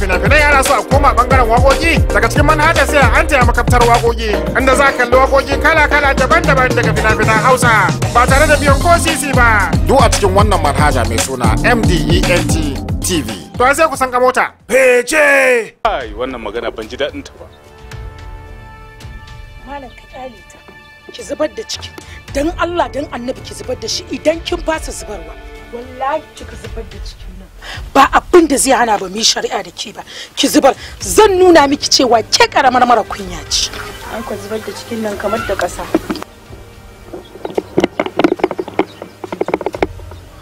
fina-finai ana so a koma bangaren wakoki daga cikin manhaja sai an taya makaftar wakoki inda za kalli wakoki kala-kala daban-daban daga fina-finan hausa ba tare da biyan ko sisi ba duk a cikin wannan manhaja mai suna mdent tv to sai ku san ka mota fece ai wannan magana ban ji daɗin ta ba malam ka kyale ta ki zubar da ciki dan Allah dan annabi ki zubar da shi idan kin fasa zubarwa wallahi kika zubar da ciki ba abin da zai hana ba mu shari'a da ke ba ki zubar zan nuna miki cewa ke karamar mara kunya ce an ku zubar da cikin nan kamar da ƙasa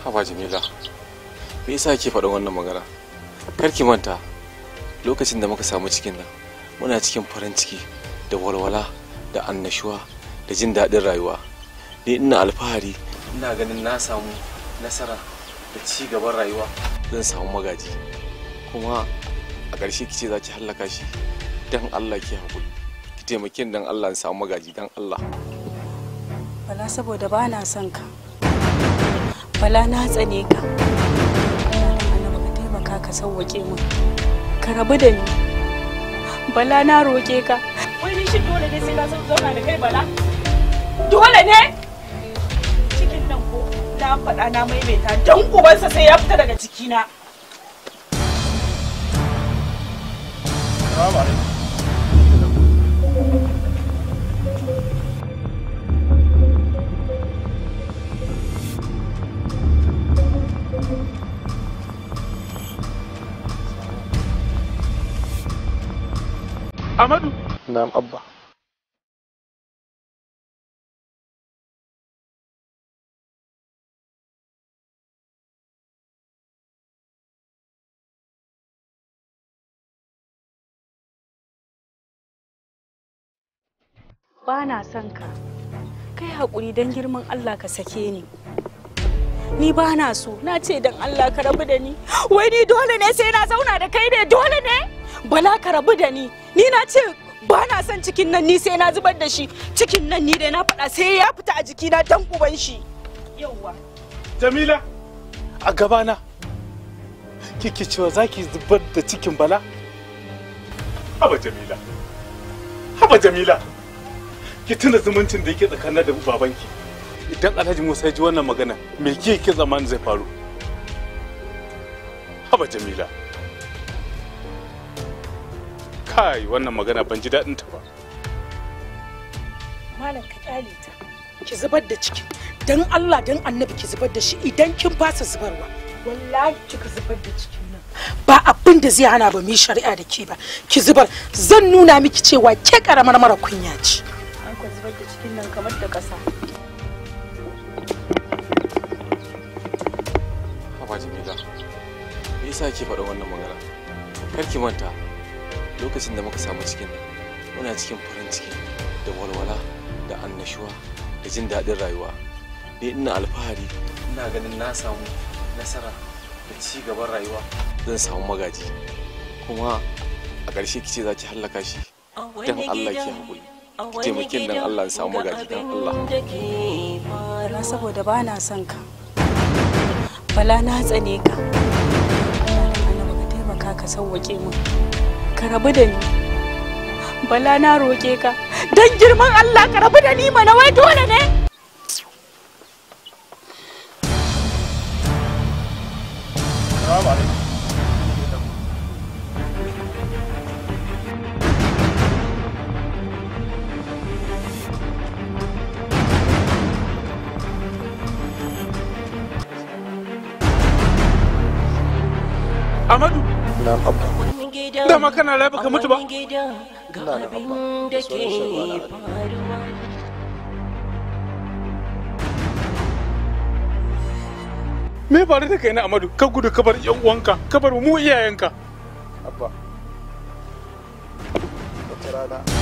haba jamila me yasa ke faɗin wannan magana kar ki manta lokacin da muka samu cikin nan muna cikin farin ciki da walwala da annashuwa da jin daɗin rayuwa ni ina alfahari ina ganin na samu nasara da ci gaban rayuwa zan samu magaji kuma a ƙarshe kice za ki hallaka shi dan Allah ki hakuri ki taimake ni dan Allah in samu magaji dan Allah bala saboda ba na son ka bala na tsane ka Allah ka taimaka ka sauwake mu ka rabu da ni bala na roke ka wai ni shi dole ne sai ka zauna da kai bala dole ne na faɗa na maimaita don ubansa sai ya fita daga cikina. Amadu? Na'am Abba. Bana son ka kai haƙuri don girman Allah ka sake ni ni bana so na ce don Allah ka rabu da ni wai ni dole ne sai na zauna da kai ne dole ne bala ka rabu da ni ni na ce bana son cikin nan ni sai na zubar da shi cikin nan ni dai na faɗa sai ya fita a jikina dan uban shi yauwa jamila a gabana kike cewa zaki zubar da cikin bala haba jamila haba jamila ki tuna zumuncin da yake tsakanin da babanki idan alhaji musa ya ji wannan magana me ke yake zaman zai faru haba jamila kai wannan magana ban ji daɗinta ta ba malam ka kyale ta ki zubar da ciki dan Allah dan annabi ki zubar da shi idan kin fasa zubarwa wallahi kika zubar da cikin nan ba abin da zai hana ba mu shari'a da ke ba ki zubar zan nuna miki cewa ke karamar mara kunya ce nan kamar da ƙasa. Haba Jamila, me yasa ke faɗa wannan magana? Kar ki manta, lokacin da muka samu cikin muna cikin farin ciki da walwala da annashuwa da jin daɗin rayuwa. Ni ina alfahari, ina ganin na samu nasara da ci gaban rayuwa zan samu magaji. Kuma a ƙarshe kice za ki hallaka shi. Don Allah ki haƙuri. taimakin dan Allah ya samu gaji dan Allah na saboda ba na son ka bala na tsane ka Allah ka taimaka ka mu ka rabu da ni bala na roke ka dan girman Allah ka rabu da ni mana wai dole ne ma kana raye baka mutu ba me faru da kai na amadu ka gudu ka bar yan uwanka ka mu iyayenka abba wata rana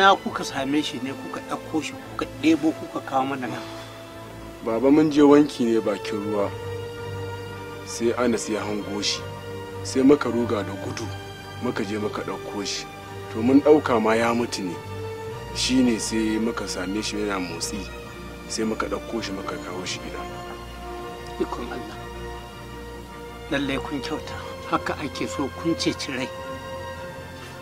ina kuka same shi ne kuka ɗauko shi kuka ɗebo kuka kawo mana nan baba mun je wanki ne bakin ruwa sai anas ya hango shi sai muka ruga da gudu muka je muka ɗauko shi to mun ɗauka ma ya mutu ne shi ne sai muka same shi yana motsi sai muka ɗauko shi muka kawo shi gida ikon allah lallai kun kyauta haka ake so kun ceci rai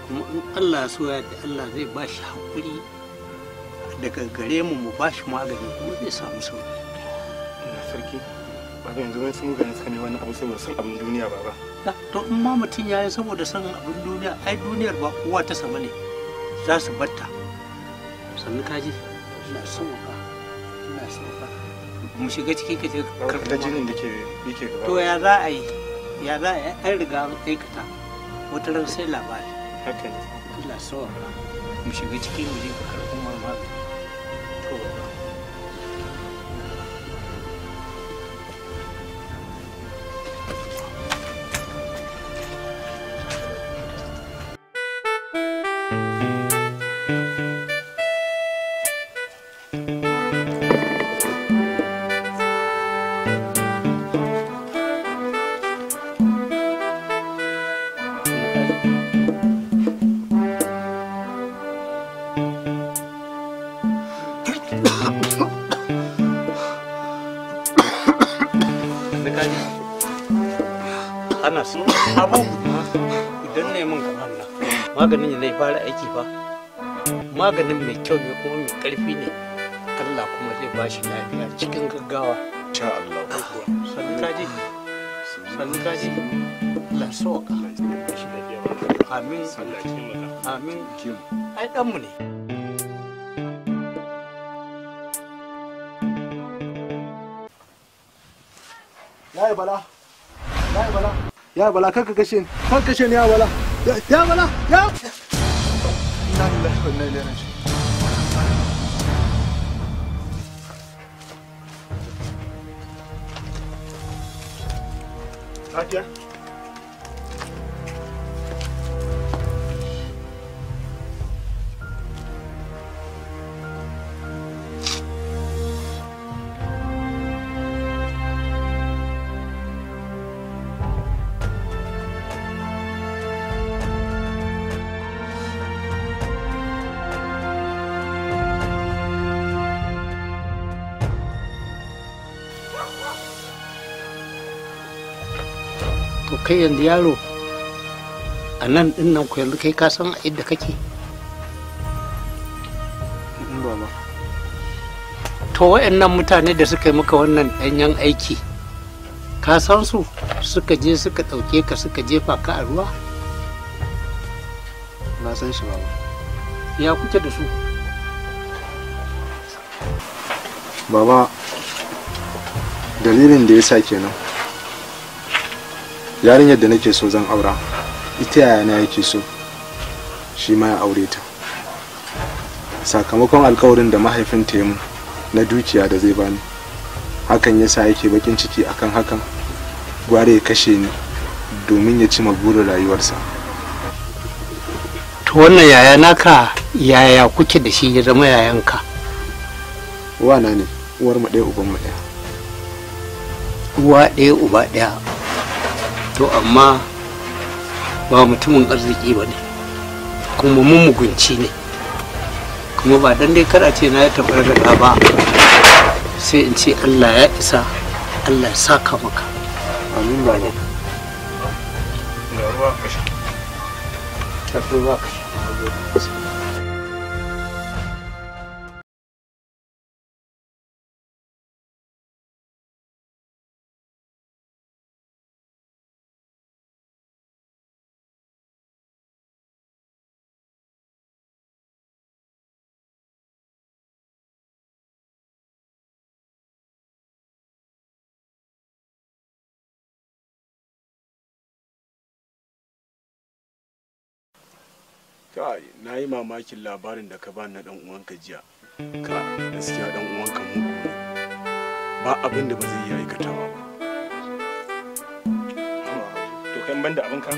kuma in allah ya soya da allah zai ba shi haƙuri daga gare mu mu ba shi magani kuma zai samu sauki ina sarki ba ga yanzu sun gani suka ne wannan abu sai son abin duniya ba ba to in ma mutum ya yi saboda san abin duniya ai duniyar ba kowa ta sama ne za su batta sannu ka ji, ina son ka ina so ka mu shiga ciki ka je karɓar jinin da ke yake gaba to ya za a yi ya za a yi an riga an aikata wata ran sai labari Que la sola fara aiki ba maganin mai kyau ne kuma mai karfi ne Allah kuma zai ba shi lafiya cikin gaggawa ta Allah sannu kaji sannu amin amin ai danmu ne yayi bala, yayi bala, yayi bala, kan ka kashe ni, kan kashe ni yaya bala, yaya bala, yaya إنا kai yanzu yaro a nan din nan ku yanzu kai ka san a inda kake mm, to wayannan mutane da suka yi maka wannan danyen aiki ka san su suka je suka ɗauke ka suka jefa ka a ruwa na san shi baba ya kuke da su baba dalilin da ya sa kenan yarinyar da nake so zan aura ita yaya na yake so shi ma ya aure ta sakamakon alkawarin da mahaifinta ya mu na dukiya da zai bani hakan yasa yake bakin ciki akan hakan gware ya kashe ni domin ya ci burin rayuwarsa to wannan yaya naka yaya kuke da shi ya zama yayanka na ne uwar mu ɗaya uban mu ɗaya uwa ɗaya uba ɗaya to amma ba mutumin arziki ba ne kuma mun mugunci ne kuma ba dan dai kada ce na ya taɓa ba sai in ce allah ya isa allah ya saka maka amin ba ne ruwa ruwa kai na yi mamakin labarin da ka bani na dan uwanka jiya ka gaskiya dan uwanka mugu ba abin da ba zai yi aikatawa ba to kan banda abinka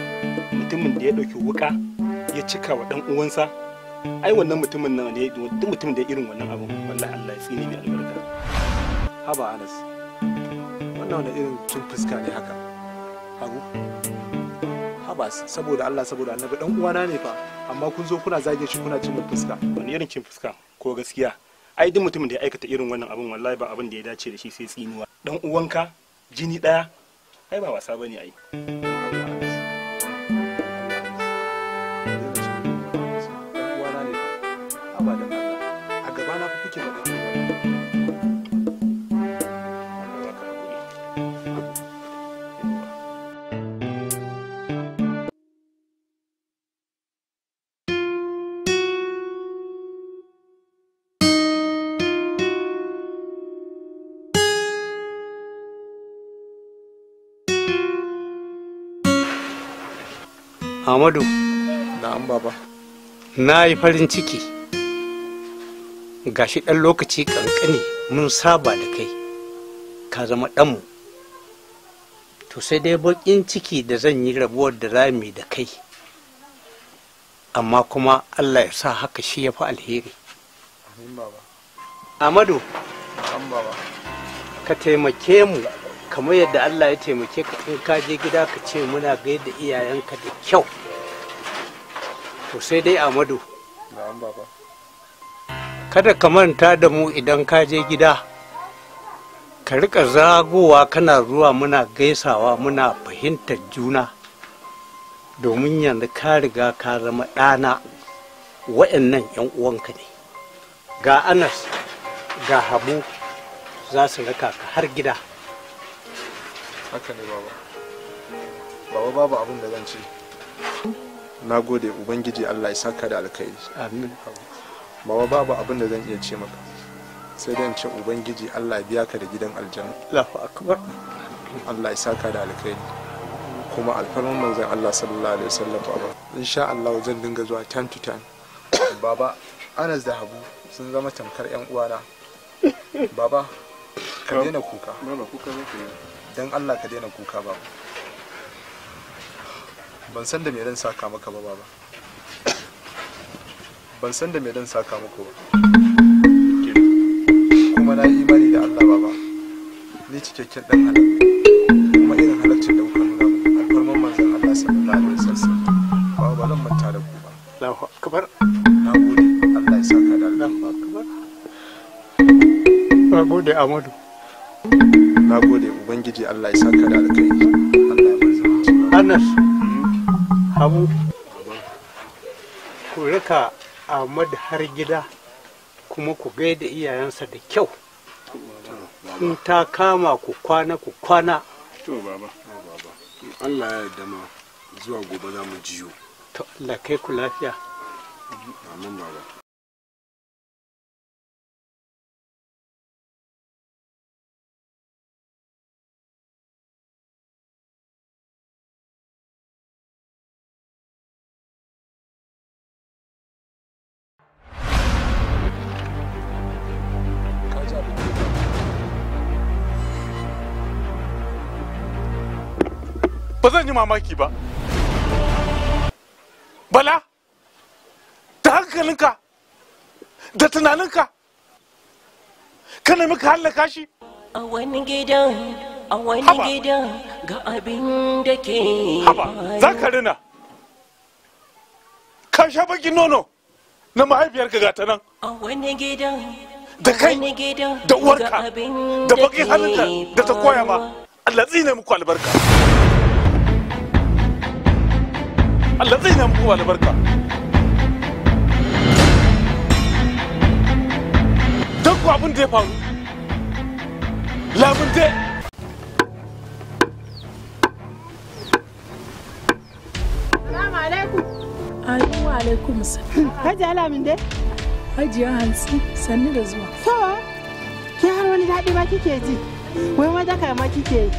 mutumin da ya dauki wuka ya cika wa dan uwansa ai wannan mutumin nan ne duk mutumin da irin wannan abin wallahi Allah ya tsine mai albarka haba Anas wannan wani irin cin fuska ne haka hagu abbas saboda allah saboda annabi dan uwana ne fa amma kun zo kuna zage shi kuna cin fuska wani irin cin fuska ko gaskiya ai duk mutumin da ya aikata irin wannan abin wallahi ba abin da ya dace da shi sai tsinuwa dan uwanka jini daya ai ba wasa bane ai Amadu. Na'am baba. Na yi farin ciki. Gashi ɗan lokaci kankani mun saba da kai. Ka zama ɗanmu. To sai dai baƙin ciki da zan yi rabuwar da rami da kai. Amma kuma Allah ya sa haka shi ya fi alheri. Amadu. Ka taimake mu. kamar yadda Allah ya taimake ka in ka je gida ka ce muna gaida da iyayenka da kyau to sai dai amadu kada ka manta da mu idan ka je gida ka rika zagowa kana zuwa muna gaisawa muna fahimtar juna domin yanzu ka riga ka zama ɗana wa'annan 'yan uwanka ne ga anas ga habu za su raka ka har gida haka ne baba baba babu abin da zan ce na gode ubangiji allah ya saka da alkhairi amin baba babu abin da zan iya ce maka sai dan ce ubangiji allah ya biya ka da gidan aljanna allahu akbar allah ya saka da alkhairi kuma alfarman manzon allah sallallahu alaihi wasallam baba insha allah zan dinga zuwa time to time baba anas da habu sun zama tamkar yan uwana baba ka daina kuka baba kuka zaka yi don allah ka daina kuka ba ban san da me dan saka maka ba baba ban san da me dan saka maka ba kuma na yi imani da allah baba ni cikakken dan halal kuma irin halaccin da kuka nuna min alfarman manzon allah sallallahu alaihi wasallam ba ba nan manta da ku ba na gode allah ya saka da na gode amadu thank you na gode ubangiji allah ya saka da alkhairi anas habu ku rika ahmad har gida kuma ku gaida iyayensa da kyau in ta kama ku kwana ku kwana to baba allah ya yarda ma zuwa gobe za mu jiyo to allah kai ku lafiya amin baba ba zan yi mamaki ba bala da hankalinka da tunaninka ka nemi ka hallaka shi a wani gidan a wani gidan ga abin da ke haba za ka rina ka sha baki nono na mahaifiyarka ga ta nan a wani gidan da kai da uwarka da baki halinka da ta koya ma Allah tsine muku albarka Allah zai nan buwa da barka dan ku abin da ya faru labunte Salamu alaikum. Ayyuwa alaikum salam. Hajiya Lamin dai? Hajiya Hansi sannu da zuwa. To, ke har wani daɗi ma kike ji? Wai ma daka ma kike yi?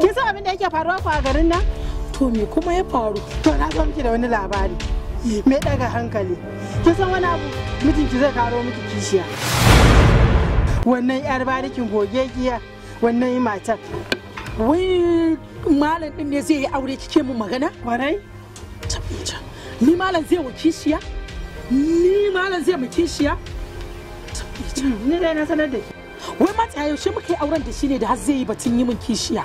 Kin san abin da yake faruwa ku a garin nan? to me kuma ya faru to na zo miki da wani labari me daga hankali Ki san wani abu mijinki zai karo miki kishiya wannan yar barikin gogegiya wannan matar wai malam din ne zai yi aure kike mu magana warai tabbata ni malam zai wa kishiya ni malam zai mu kishiya ni dai na sanar da ki wai mata yaushe muka yi auren da shi ne da har zai yi batun yi min kishiya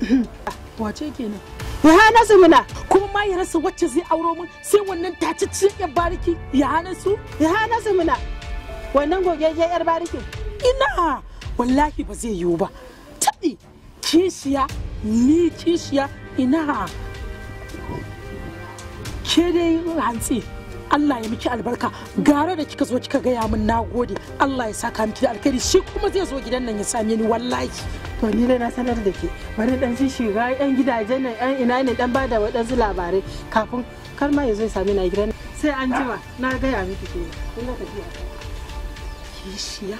wace kenan ya hana su muna kuma ma ya rasa wacce zai auro min sai wannan tacicci ya bariki ya hana su ya hana su muna wannan gogegge yar bariki ina wallahi ba zai yiwu ba tabi kishiya ni kishiya ina ke dai hantsi Allah ya miki albarka gara da kika zo kika gaya min na gode Allah ya saka miki da alkhairi shi kuma zai zo gidan nan ya same ni wallahi to ni dai na sanar da ke bari dan shi shiga yan gidajen nan yan ina ne dan bada waɗansu labarai kafin kar ma ya zo ya same ni a gidan sai an jima na gaya miki ke kun ka kishiya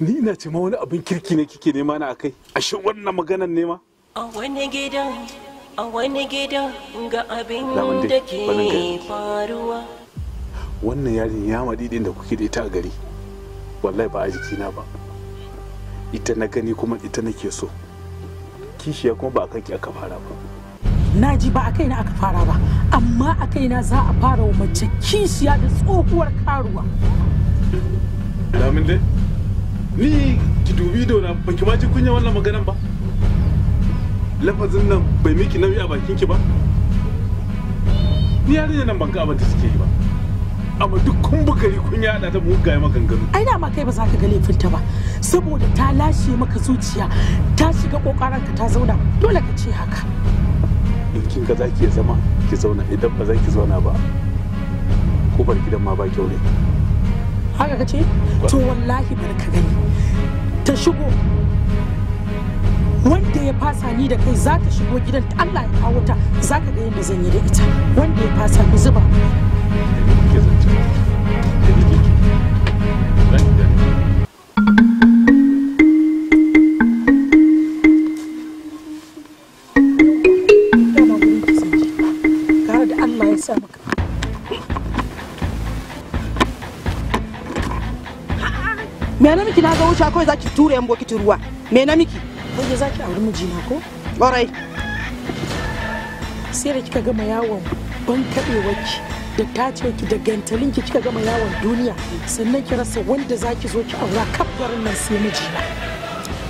ni ina ce ma wani abin kirki ne kike nema na akai ashe wannan maganan nema a wani gidan a wani gidan ga abin da ke faruwa wannan yarin ya madidin da kuke da ita a gari wallahi ba a jikina ba ita na gani kuma ita nake so kishiya kuma ba a kanki aka fara ba na ji ba a kaina aka fara ba amma a kaina za a fara wa mace kishiya da tsohuwar karuwa Lamin dai? ni ki dubi ido na baki ma ji kunya wannan maganan ba lafazin nan bai miki nauyi a bakin ki ba ni yarinya nan ban ga abin suke yi ba amma duk kun ni kun yada ta mugaye maganganu ai da ma kai ba za ka ga laifinta ba saboda ta lashe maka zuciya ta shiga kokaranka ta zauna dole ka ce haka in kin ga zaki ya zama ki zauna idan ba za ki zauna ba ko bar gidan ma ba kyau ne haka kace to wallahi bar ka gani ta shigo wanda ya fasa ni da kai za ta shigo gidan ta Allah ya kawo ta za ka ga yadda zan yi da ita wanda ya fasa ni zuba sha kawai zaki ture yan bokitin ruwa me na miki kai zaki auri mijina ko ƙwarai sai da kika gama yawon ban taɓewarki da tacewarki da gantalinki kika gama yawon duniya sannan ki rasa wanda zaki zo ki aura kafarin nan sai mijina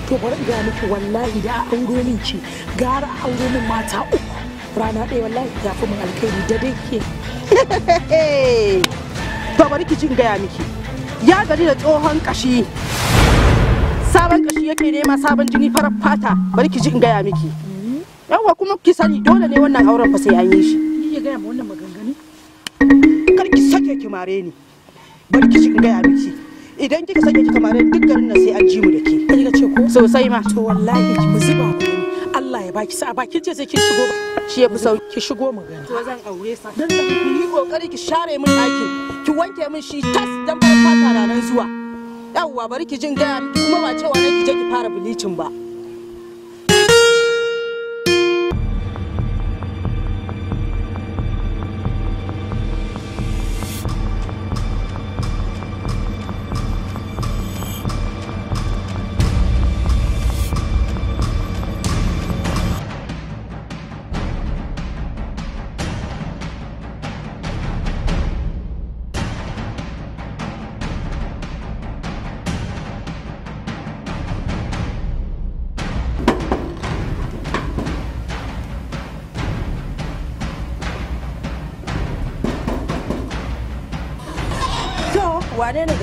to bari in gaya miki wallahi da a auro min ki gara auro min mata uku rana ɗaya wallahi ya fi min alkhairi da dai ke to bari ki jin gaya miki ya gari da tsohon kashi yake nema sabon jini farar fata bari ki ji in gaya miki yawa kuma ki sani dole ne wannan auren fa sai an yi shi ki ya gaya ma wannan maganganu kar ki sake ki mare ni bari ki ji in gaya miki idan kika sake ki mare duk garin nan sai an ji mu da ke kai ka ce ko sosai ma to wallahi ki musiba Allah ya baki sa'a baki ce sai ki shigo shi ya fi sauki ki shigo mu gani to zan aure sa dan ki yi kokari ki share min ɗakin ki wanke min shi tas dan ba fata nan zuwa yawwa bari ki jin gaya kuma ba cewa na ki je ki fara bilicin ba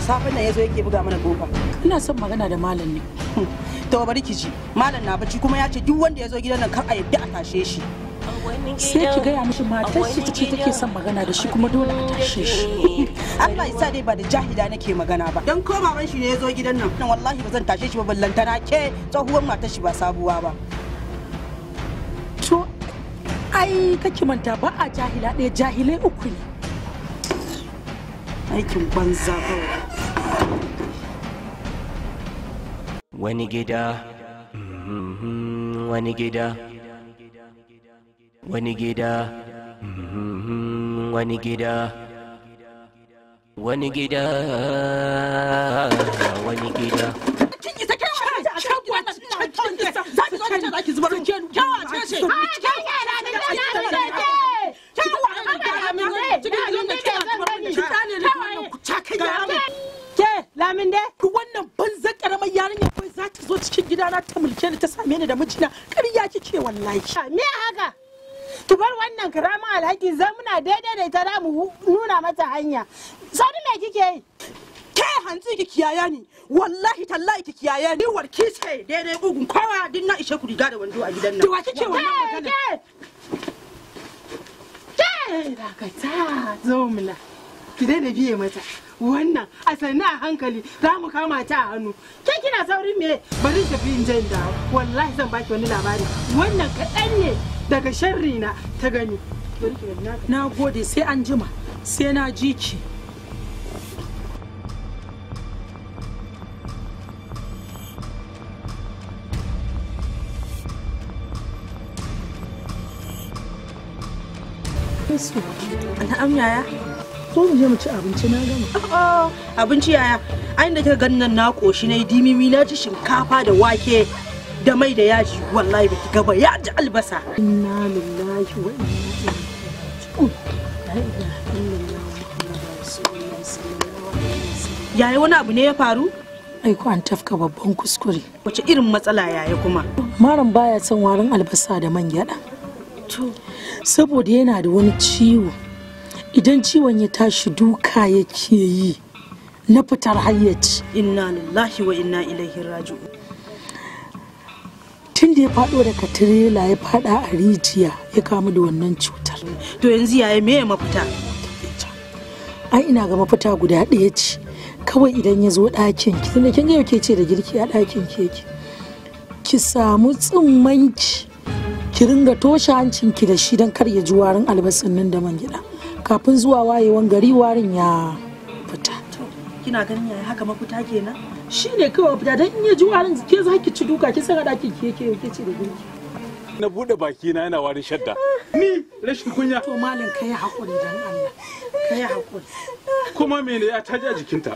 safin nan yazo yake buga mana kofa ina son magana da malam ne to bari ki ji malam na bacci kuma ya ce duk wanda yazo gidan nan kar a yadda a tashe shi sai ki gaya mishi matar shi take take son magana da shi kuma dole a tashe shi Allah ya sa dai ba da jahila nake magana ba dan ko baban shi ne yazo gidan nan nan wallahi ba zan tashe shi ba ballantana ke tsohuwar matar shi ba sabuwa ba to ai kake manta ba a jahila ɗaya jahilai uku ne aikin banza kawai wani gida wani gida wani gida wani gida wani gida wani gida Lamin dai? zo cikin gidana ta mulke ni ta same ni da mijina ƙarya kike wallahi me haka ki bar wannan karama alhaki zan muna daidai da ita mu nuna mata hanya sani me kike yi ke hantsi ki kiyaya ni wallahi tallahi ki kiyaya ni warki ce daidai bugun kowa din na ishe ku riga da wando a gidan nan ki wa kike wannan magana ke ka ta zo mula ki daina biye mata wannan a sannu a hankali za mu kama ta a hannu ke kina saurin me bari ta fi jan da wallahi zan baki wani labari wannan kaɗan ne daga sharri na ta gani na gode sai an jima sai na ji ki Na'am yaya? so mu je mu ci abinci na gama abinci yaya ai da kika ganin nan na koshi nayi dimimi na ci shinkafa da wake da mai da yaji wallahi baki gaba ya ji albasa inna lillahi wa yaya wani abu ne ya faru ai ko an tafka babban kuskure wace irin matsala yaya kuma maran baya son warin albasa da man gyada to saboda yana da wani ciwo idan ciwon ya tashi duka ya ke yi na fitar hayyaci inna lillahi wa inna ilaihi raju tun da ya fado daga tirela ya fada a rijiya ya kamu da wannan cutar to yanzu yaya me mafita ai ina ga mafita guda ɗaya ce kawai idan ya zo ɗakin ki tunda kin ga ce da girki a ɗakin keke ki samu tsimmanci ki ringa toshe hancinki da shi don kar ya ji warin albasan nan da man gida kafin zuwa wayewan gari warin ya fita kina ganin yaya haka mafita kenan shine kawai fita dan in ya ji warin ke za ki ci duka ki saka daki ki ke ke ci da girki na bude baki na yana warin shadda ni rashin kunya to malam kai hakuri dan Allah kai hakuri kuma mene ya taji a jikinta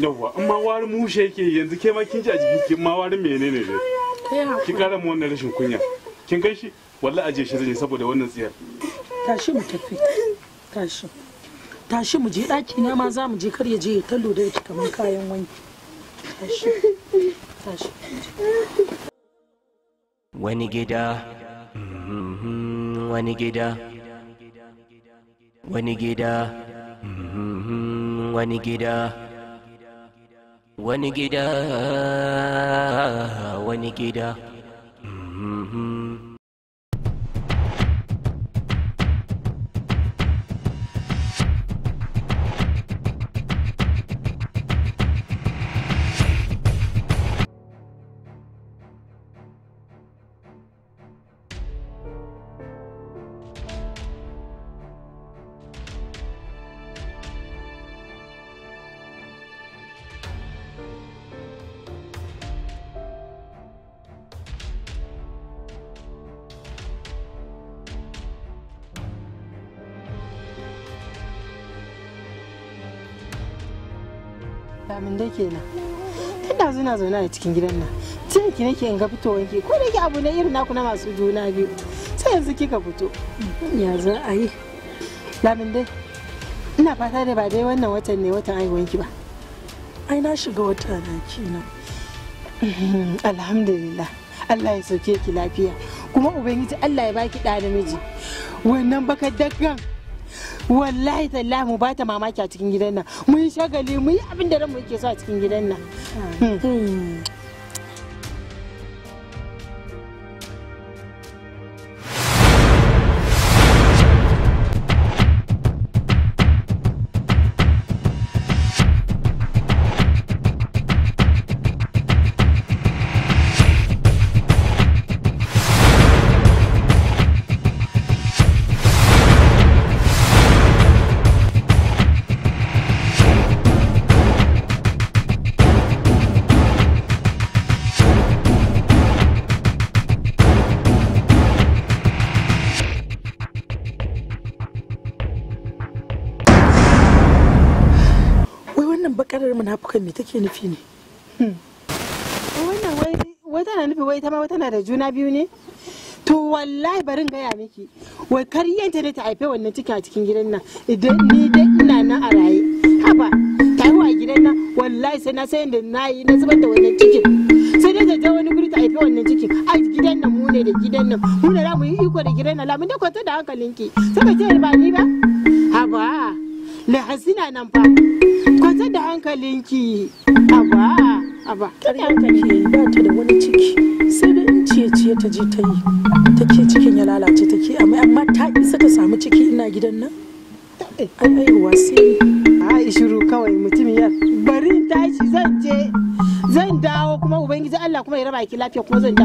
yawwa in ma warin mushe yake yanzu ke ma kin ji a jikin ma warin menene ne kai hakuri ki kara mu wannan rashin kunya kin kai shi wallahi aje shi zai saboda wannan tsiyar tashi mu tafi tashi tashi mu je ɗaki na ma za mu je kar ya je ya talo da yake kamar kayan wani tashi tashi wani gida mm-hmm. mm-hmm. wani gida wani gida wani gida wani gida wani gida cikin gidan nan tun ki nake in ga fitowar ki ko da ki abu ne irin naku na masu juna biyu sai yanzu kika fito ya za a yi lamin dai ina fata da ba dai wannan watan ne watan aiwon ki ba ai na shiga wata na kina alhamdulillah Allah ya sauke ki lafiya kuma ubangiji Allah ya baki da namiji wannan baka dagan wallahi tallahi mu bata mamaki a cikin gidan nan mun shagali mun yi abin da mu yake so a cikin gidan nan hmm. Hmm. kan me take nufi ne hmm. wannan wai tana nufi wai ta ma tana da juna biyu ne to wallahi barin gaya miki wai karyanta ne ta haife wannan ciki a cikin gidan nan idan ni dai ina nan a raye haba ta wa gidan nan wallahi sai na sayan da na yi na zubar da wannan cikin sai dai ta je wani guri ta haife wannan cikin a gidan nan mu ne da gidan nan mu ne mu yi iko da gidan nan lamun da kwanta da hankalinki sai ba ce ba ni ba haba la hasina nan fa da hankalinki aba aba kar hankali ba ta da wani ciki sai da in ciye-ciye ta je ta yi take cikin ya lalace take amma amma ta isa ta samu ciki ina gidan nan ai aihuwa sai a shiru kawai mutum ya bari in tashi zan je zan dawo kuma ubangiji Allah kuma ya raba ki lafiya kuma zan dawo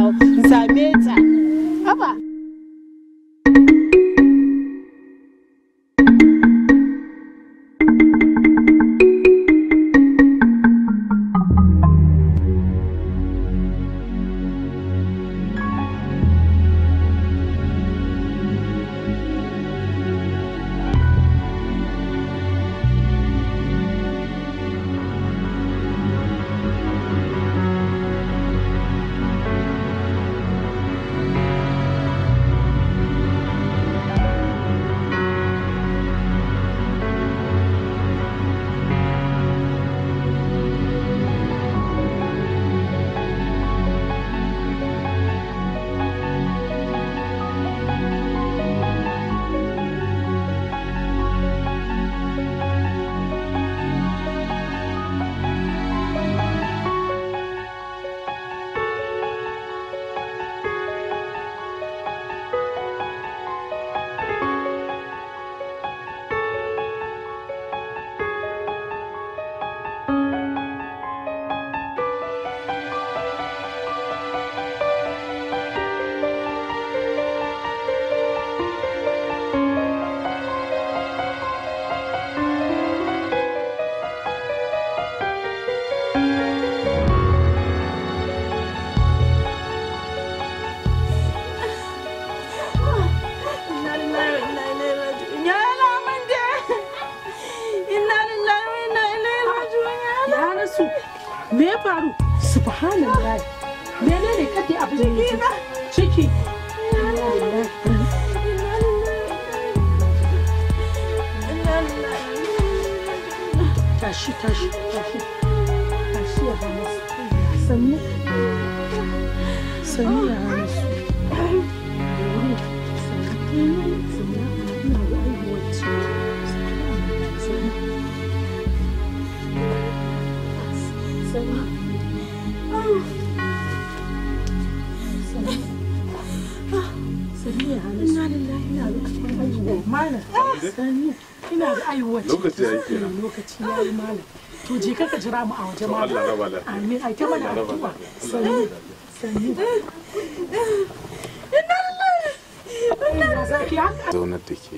zaunar da ke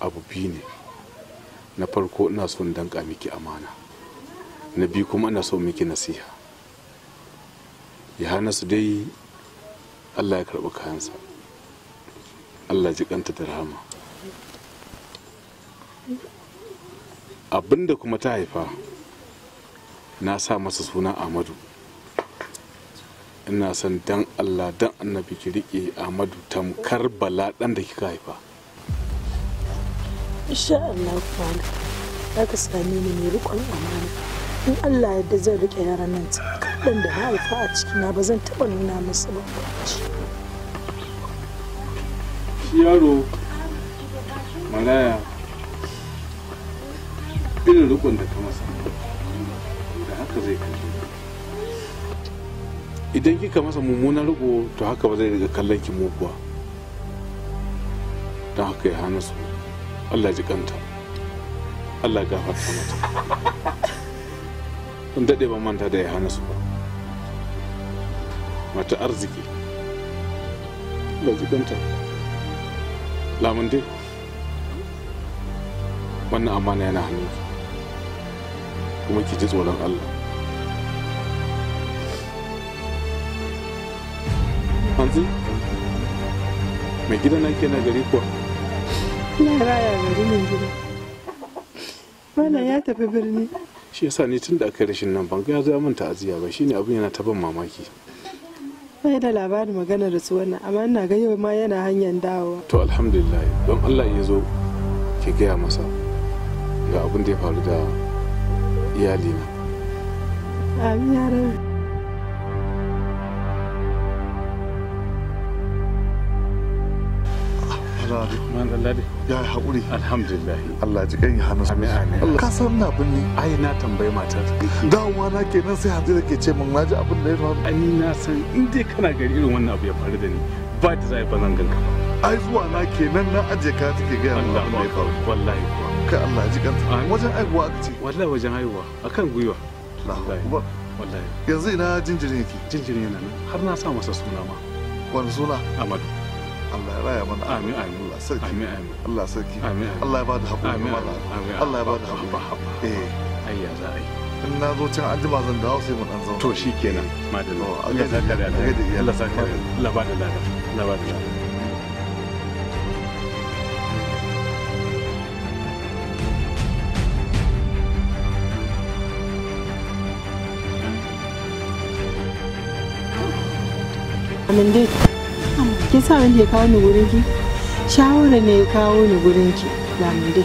abu biyu ne na farko ina so in danka miki amana na biyu kuma ina so miki nasiha ya su dai allah ya karɓi kayansa allah ji kanta da rahama abinda kuma ta haifa na sa masa suna amadu ina son dan allah dan annabi ki rike ahmadu tamkar bala dan da kika haifa insha allah kwana za ka sami ni ne rikon amana in allah da zan rike yaran nan kan da na haifa a cikina ba zan taɓa nuna musu ba yaro maraya irin rikon da ka masa da haka zai kai idan kika masa mummunan riko to haka ba zai riga kallon ki muguwa don haka ya hana su allah ji kanta allah gafarta mata don daɗe ban manta da ya hana su ba mata arziki allah ji kanta lamun dai wannan amana yana hannu kuma ki ji tsoron allah hanzu mai gida na ke na gari kuwa na raya gari mai gida mana ya tafi birni shi yasa ni tun da aka rashin nan ban ga ya min ta'aziyya ba shine abin yana ta ban mamaki bai da labarin magana da su wannan amma ina ga yau ma yana hanyar dawowa to alhamdulillah don Allah ya zo ki gaya masa ga abin da ya faru da iyalina amin ya rabi saurare. Ya yi haƙuri. Alhamdulillah. Allah ji kan Yohana. Amin amin. Allah ka san na binne. Ai na tambayi matar. Dawowa na kenan sai da ke ce min naji abin da ya faru. Ani na san in dai kana gari irin wannan abu ya faru da ni ba da za a yi ba zan ganka ba. Ai zuwa na kenan na aje ka take gaya min abin da ya faru. Wallahi kuwa. Ka Allah ji kanta. Wajen haihuwa aka ce. Wallahi wajen haihuwa akan gwiwa. Allahu Wallahi. Yanzu ina jinjirin yake. Jinjirin yana nan har na sa masa suna ma. Wani suna? Amadu. Allah ya raya amin amin Allah sarki amin amin Allah sarki amin Allah ya bada amin amin Allah ya bada eh in na zo can an zan dawo sai zauna to da Allah ki sa wanda ya kawo ni gurin ki shawara ne ya kawo ni gurin ki dai.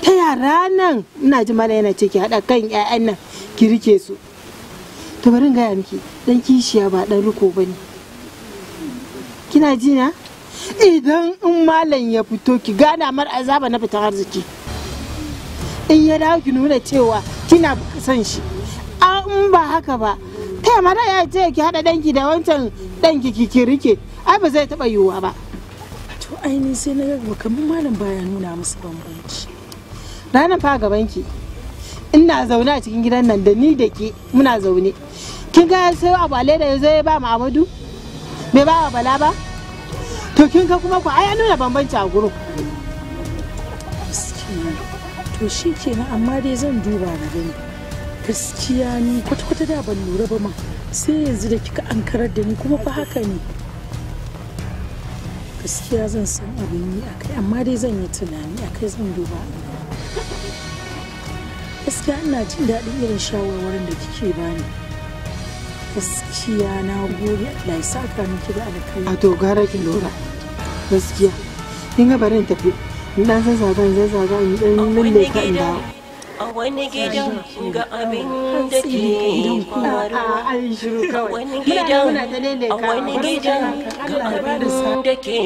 ta yara nan ina ji mala yana ce ki haɗa kan ƴaƴan nan ki rike su to bari gaya miki dan kishiya ba dan riko bane kina ji na idan in malam ya fito ki gana mar azaba na fitan arziki in ya dawo ki nuna cewa kina son shi An ba haka ba kai mara ya ce ki haɗa danki da wancan danki ki rike ai ba zai taba yiwuwa ba to aini sai na ga kamar malam baya nuna musu bambanci ranar fa banki. ina zaune a cikin gidan nan da ni da ke muna zaune kin ga sai abu da zai ba mu amadu bai ba wa bala ba to kin ga kuma ku ai nuna bambanci a gurin to shi kenan amma dai zan duba na gani gaskiya ni kwata-kwata da ban lura ba ma sai yanzu da kika ankarar da ni kuma fa haka ne gaskiya zan san abin yi akai amma dai zan yi tunani akai zan duba gaskiya ina jin daɗin irin shawarwarin da kike bani gaskiya na gode Allah ya saka miki da alkai a to gara ki lura gaskiya kin ga bare tafi in dan zazzaga in zazzaga in dan lalle ka in dawo a wani gidan ga abin da ke faruwa wani gidan a wani gidan ga abin da ke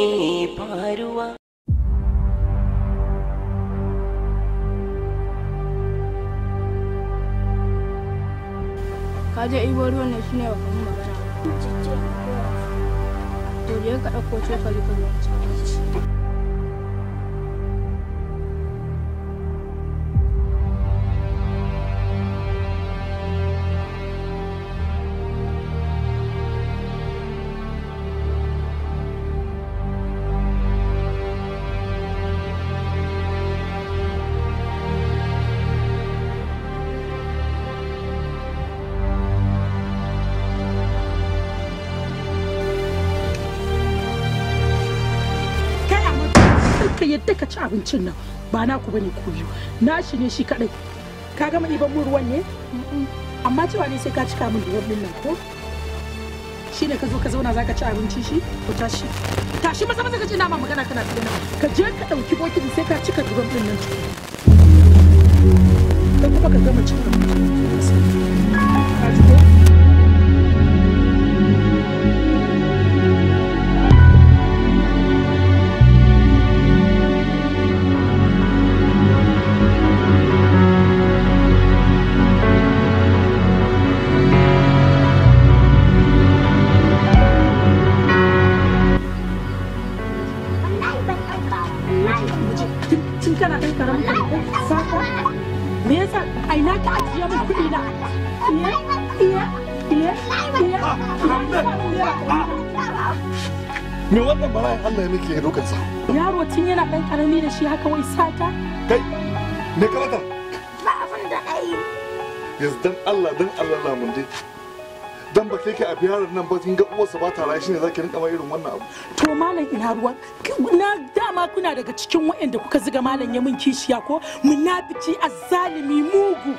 faruwa ka ibo ruwan shine ba magana ba. ka cokali ka ci abincin nan ba ku bane ku biyu shi ne shi kadai ka gama iban mun ruwan ne amma cewa ne sai ka cika min ruwan din nan ko shi ne ka zo ka zauna zaka ci abinci shi ko tashi tashi maza maza ka ce na ma magana kana na ka je ka dauki bokin sai ka cika ruwan din nan ko kuma ka gama cika ka ji ko yanzu dan Allah dan Allah lamun dai dan ba kai ka abi nan ba kin ga uwarsa ba ta rayu shine zaki rinka mai irin wannan abu to malam ina ruwan na dama kuna daga cikin waɗanda kuka ziga malam ya min kishiya ko munafiki azzalimi mugu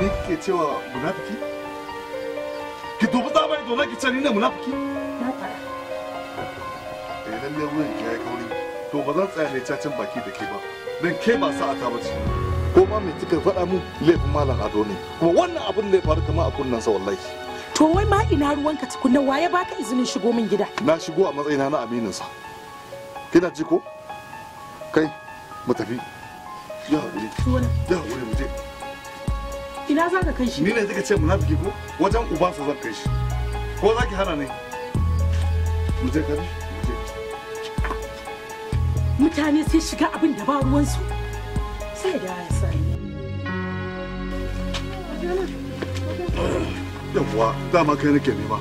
ni ke cewa munafiki ki dubi za ido na ki ce ni ne munafiki na fara eh lalle ruwan ya yi kauri to ba zan tsaya ne cacin baki da ke ba dan ke ba sa'a ko ma mai kika faɗa mu laifin malam ado ne kuma wannan abin da ya faru kama a kunnan sa wallahi to wai ma ina ruwanka tukunna waye baka izinin shigo min gida na shigo a matsayina na aminin sa kina ji ko kai mu tafi ya hakuri ya hakuri mu je ina za ka kai shi ni ne zaka ce munafiki ko wajen uba sa zan kai shi ko za ki hana ne mu je kai mutane sai shiga abin da ba ruwansu sai da yawwa dama kai nake nema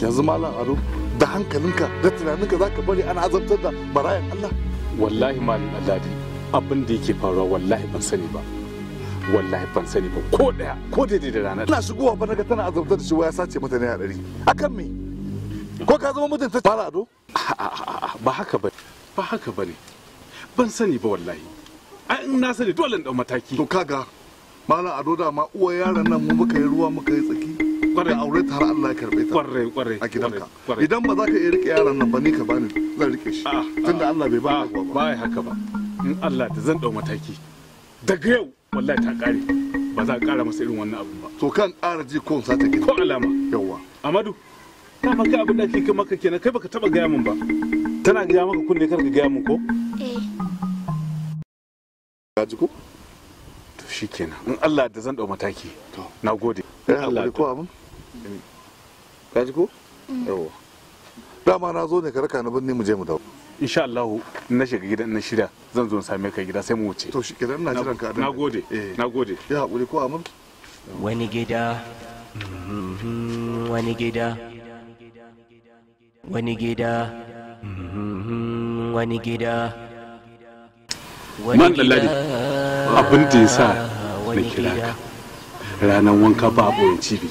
yanzu malam aro da hankalinka da tunaninka ka bari ana azabtar da barayan Allah wallahi malam alladi abin da yake faruwa wallahi ban sani ba wallahi ban sani ba ko daya ko daidai da ranar ina shigowa ba naga tana azabtar da shi waya sace mata ne a dari akan me ko ka zama mutum mutunta fara ado ba haka ba ba haka ba ne ban sani ba wallahi ai na sani dole in dau mataki to kaga Malam Ado da ma uwa yaran nan mu muka yi ruwa muka yi tsaki. da aure ta har Allah ya karbe ta. Kwarai kwarai. A gidanka. Idan ba za ka iya rike yaran nan ba ni ka bani zan rike shi. Ah, ah. Tunda Allah bai ba ka ah, ba. Ba haka ba. In Allah da zan dau mataki. Daga yau wallahi ta kare. Ba za ka kara masa irin wannan abu ba. To kan kara ji ko sa ta Ko alama. yawa Amadu. ka maka abin da kike maka kenan kai baka taba gaya min ba. Tana gaya maka kun kar ka gaya min ko? Eh. Ka ji ko? shikenan in Allah da zan dau mataki na gode eh, in Allah ko abin eh. ka ji ko mm. yawa dama na zo ne ka raka na birni mu je mu dawo insha Allah na shiga gidan na shida zan zo same ka gida sai mu wuce to shikenan na jiran ka na gode eh. na gode ya hakuri ko abin wani gida mm-hmm, wani gida wani gida mm-hmm, wani gida wani gida abin da ya sa na kira ka ranar wanka ba abu yanci cibi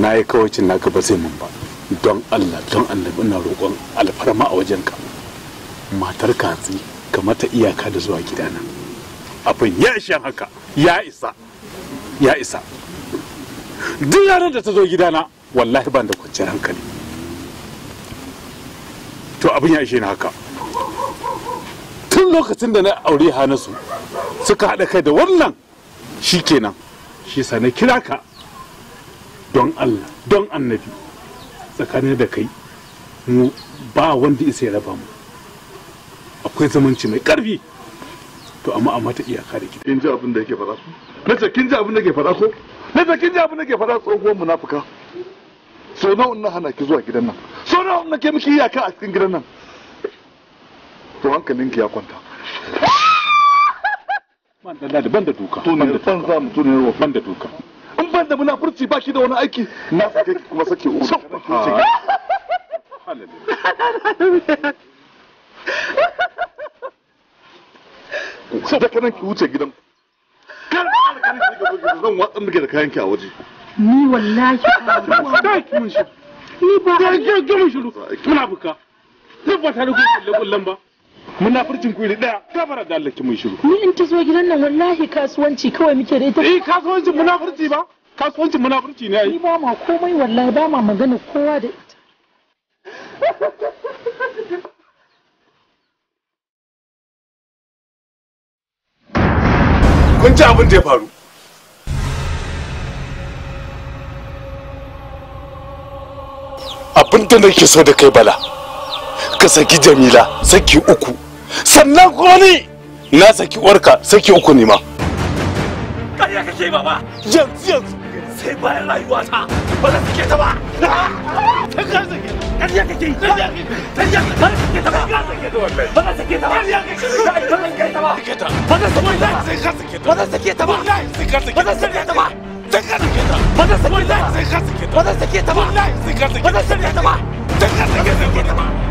na yi kawacin naka ba zai mun ba don allah don allah ina roƙon alfarma a wajen ka matar katsi ka mata iyaka da zuwa gidana abin ya ishe haka ya isa ya isa duk ranar da ta zo gidana wallahi ban da kwanciyar hankali to abin ya ishe ni haka tun lokacin da na aure hanasu suka haɗa kai da wannan shi kenan shi sa na kira ka don allah don annabi tsakanin da kai mu ba wanda isa ya raba mu akwai zamanci mai ƙarfi to amma amma ta iyaka da kin ji abin da yake faɗa ko na ce kin ji abin da yake faɗa ko na ce kin ji abin da yake faɗa tsohuwar munafuka so nawa na hana ki zuwa gidan nan so nawa na ke miki iyaka a cikin gidan nan to ki ya kwanta man da ban da duka to ne ban za mu to ruwa ban duka in ban muna furci ba ki da wani aiki na sake kuma sake uwa da kanan ki wuce gidan kan zan watsa da kayan ki a waje ni wallahi ka ki mun shi ni ba ga ga mun shi ni ba ta da kullun ba munafurcin furcin kuri daya gafara da Allah ki mun shiru ni in ta zo gidan nan wallahi kasuwanci kawai muke da ita eh muna munafurci ba muna munafurci ne ai ba ma komai wallahi ba ma magana kowa da ita kun ci abin da ya faru abin da nake so da kai bala ka saki jamila saki uku sannan kuma ni na saki uwarka saki uku ne ma ƙarya kake baba yanzu yanzu sai bayan rayuwa ta ba za sake ta ba ƙarya kake ƙarya kake ta ba ba za ta ba ba za ta ba ba za ta ba ba za ta ba